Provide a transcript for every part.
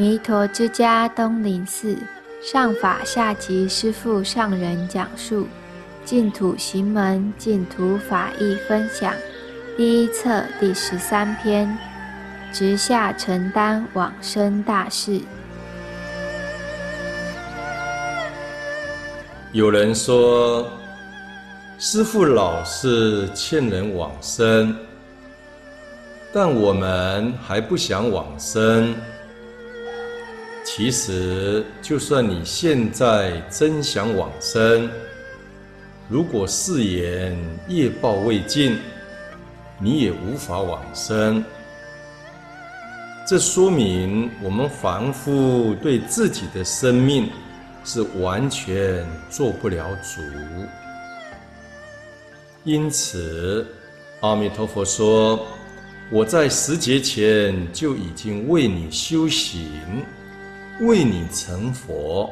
彌陀之家東林寺上法下寂師父上人講述淨土行門，淨土法義分享第一冊第十三篇，直下承擔往生大事。有人說，師父老是勸人往生，但我們還不想往生。其實，就算你現在真想往生，如果誓言業報未盡，你也無法往生。這說明我們凡夫對自己的生命是完全做不了主。因此，阿彌陀佛說：“我在十劫前就已經為你修行。”為你成佛，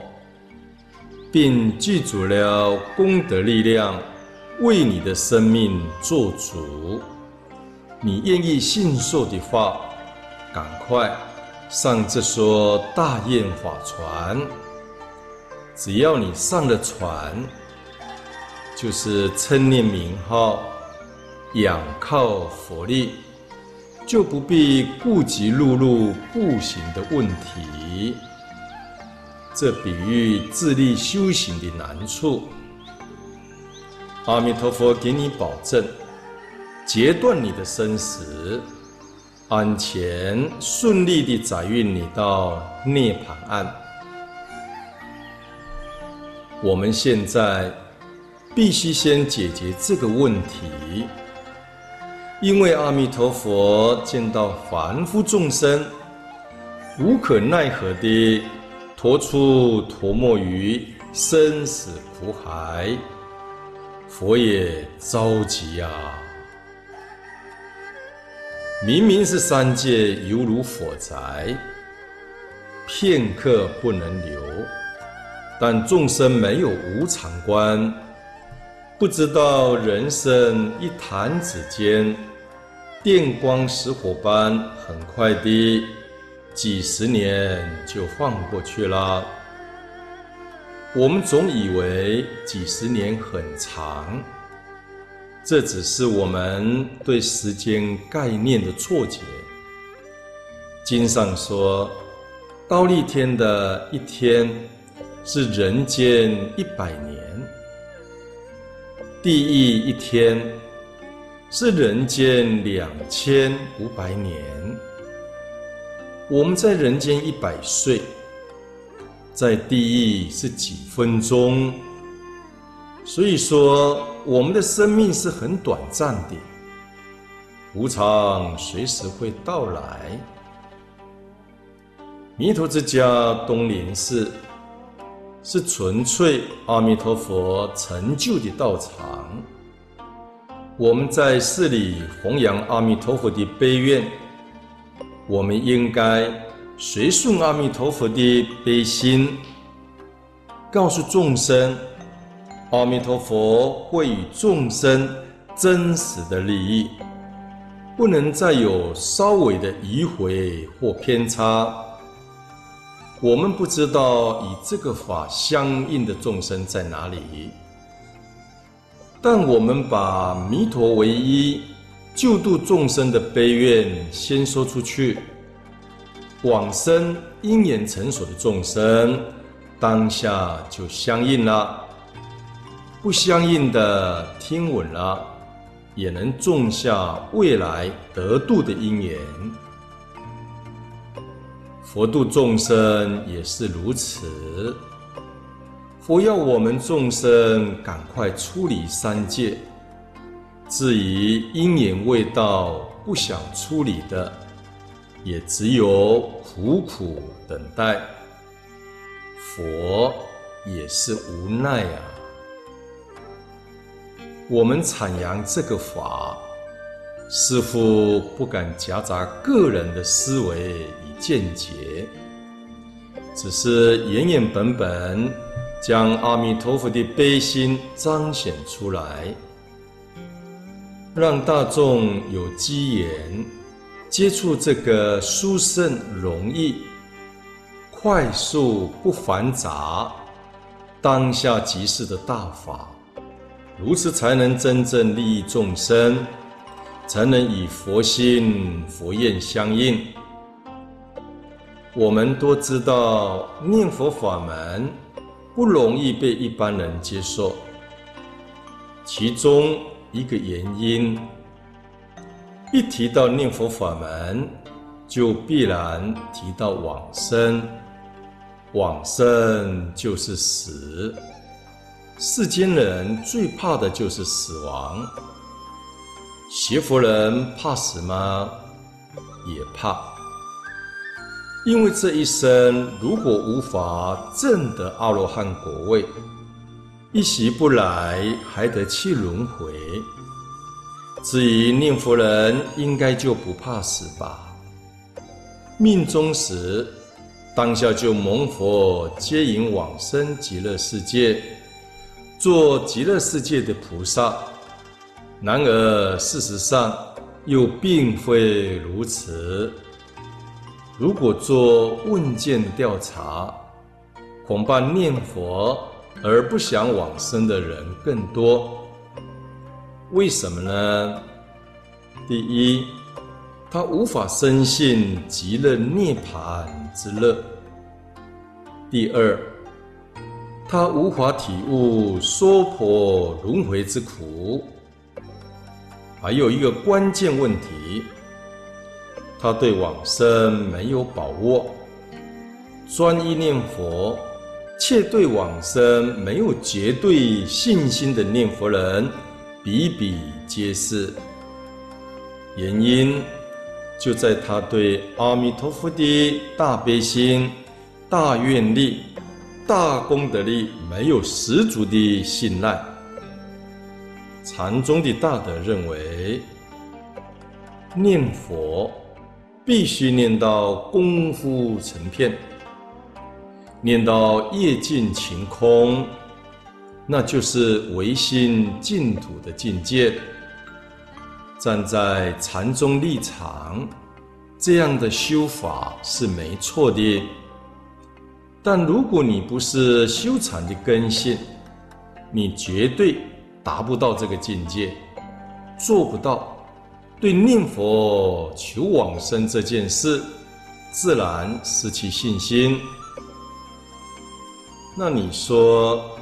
並具足了功德力量，為你的生命做主。你願意信受的話，趕快上這艘大願法船。只要你上了船，就是稱念名號，仰靠佛力，就不必顧及陸路步行的問題。這比喻自力修行的難處。阿彌陀佛給你保證，截斷你的生死，安全順利地載運你到涅槃岸。我們現在必須先解決這個問題，因為阿彌陀佛見到凡夫眾生，無可奈何的。托出托沒於生死苦海，佛也着急呀、啊！明明是三界猶如火宅，片刻不能留，但眾生沒有無常觀，不知道人生一彈指間，電光石火般很快的。幾十年就晃過去了。我們總以為幾十年很長，這只是我們對時間概念的錯覺。經上說，忉利天的一天是人間一百年，地獄一,一天是人間兩千五百年。我們在人間一百歲，在地獄是幾分鐘，所以說我們的生命是很短暫的，無常隨時會到來。彌陀之家東林寺是純粹阿彌陀佛成就的道場，我們在寺裡弘揚阿彌陀佛的悲願。我們應該隨順阿彌陀佛的悲心，告訴眾生，阿彌陀佛會與眾生真實的利益，不能再有稍微的迂迴，或偏差。我們不知道以這個法相應的眾生在哪裡，但我們把彌陀唯一，救度眾生的悲願先說出去，往生因緣成熟的眾生，當下就相應了；不相應的聽聞了，也能種下未來得度的因緣。佛度眾生也是如此，佛要我們眾生趕快出離三界。至於因緣未到，不想處理的，也只有苦苦等待。佛也是無奈啊。我們闡揚這個法，似乎不敢夾雜個人的思維與見解，只是原原本本將阿彌陀佛的悲心彰顯出來。讓大眾有機緣接觸這個殊勝、容易、快速、不繁雜、當下即是的大法，如此才能真正利益眾生，才能與佛心佛願相應。我們都知道，念佛法門不容易被一般人接受，其中，一個原因，一提到念佛法門，就必然提到往生。往生就是死，世間人最怕的就是死亡。學佛人怕死嗎？也怕，因為這一生如果無法證得阿羅漢果位，一息不來，還得去輪回。至於念佛人，應該就不怕死吧？命終時，當下就蒙佛接引往生極樂世界，做極樂世界的菩薩。然而事實上又並非如此。如果做問卷調查，恐怕念佛。而不想往生的人更多，為什麼呢？第一，他無法深信極樂涅槃之樂；第二，他無法體悟娑婆輪迴之苦；還有一個關鍵問題，他對往生沒有把握，專一念佛。卻對往生沒有絕對信心的念佛人，比比皆是。原因就在他對阿彌陀佛的大悲心、大願力、大功德力沒有十足的信賴。禪宗的大德認為，念佛必須念到功夫成片。念到業盡情空，那就是唯心淨土的境界。站在禪宗立場，這樣的修法是沒錯的。但如果你不是修禪的根性，你絕對達不到這個境界，做不到。對念佛求往生這件事，自然失去信心。那你說，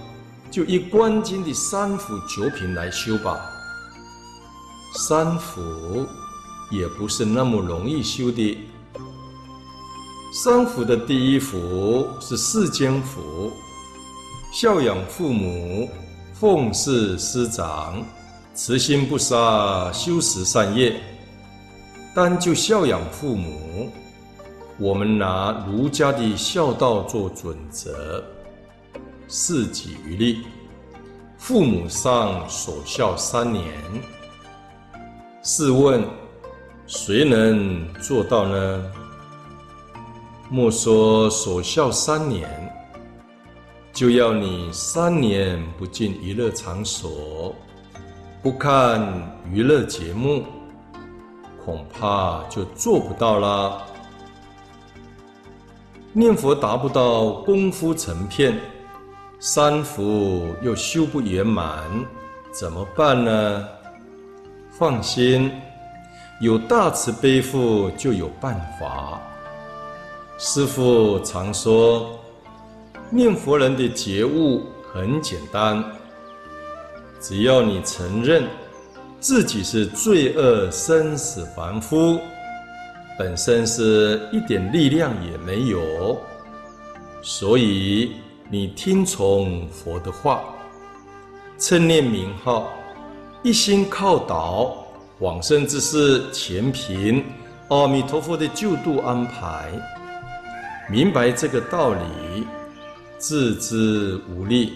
就以觀經的三福九品來修吧。三福也不是那麼容易修的。三福的第一福是世間福，孝養父母，奉事師長，慈心不殺，修十善業。但就孝養父母，我們拿儒家的孝道做準則。自己餘力，父母上守孝三年，試問誰能做到呢？莫說守孝三年，就要你三年不進娛樂場所，不看娛樂節目，恐怕就做不到啦。念佛達不到功夫成片。三福又修不圓滿，怎麼辦呢？放心，有大慈悲父就有辦法。師父常說，念佛人的覺悟很簡單，只要你承認自己是罪惡生死凡夫，本身是一點力量也沒有，所以，你聽從佛的話，稱念名號，一心靠倒，往生之事，全憑阿彌陀佛的救度安排。明白這個道理，自知無力，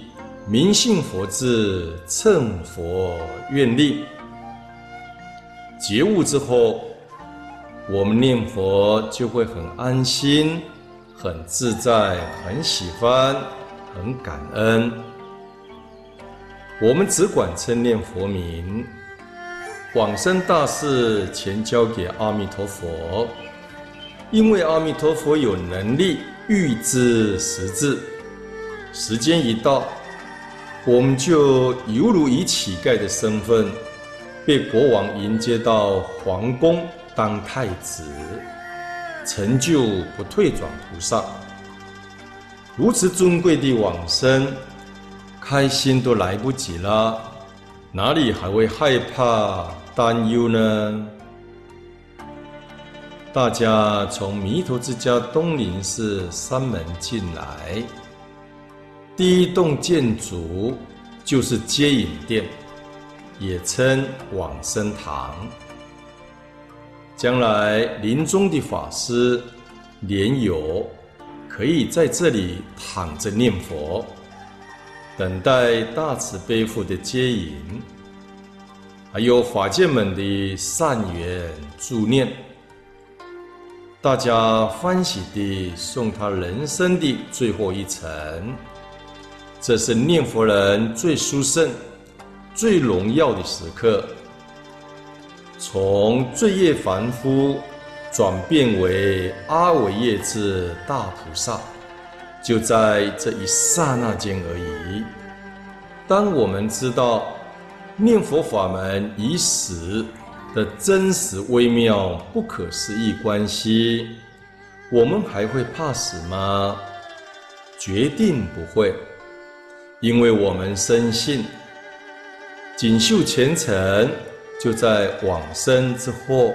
明信佛智，乘佛願力。覺悟之後，我們念佛就會很安心、很自在、很喜歡。很感恩，我們只管稱念佛名，往生大事全交給阿彌陀佛，因為阿彌陀佛有能力預知時至，時間一到，我們就猶如以乞丐的身份，被國王迎接到皇宮當太子，成就不退轉菩薩。如此尊貴的往生，開心都來不及了，哪裡還會害怕擔憂呢？大家從彌陀之家東林寺山門進來，第一棟建築就是接引殿，也稱往生堂。將來臨終的法師蓮友，可以在這裡躺着念佛，等待大慈悲父的接引，還有法界們的善緣助念，大家歡喜地送他人生的最後一程，這是念佛人最殊勝、最榮耀的時刻，從罪業凡夫，轉變為阿惟越致大菩薩，就在這一剎那間而已。當我們知道念佛法門與死的真實微妙不可思議關係，我們還會怕死嗎？決定不會，因為我們深信錦繡前程就在往生之後。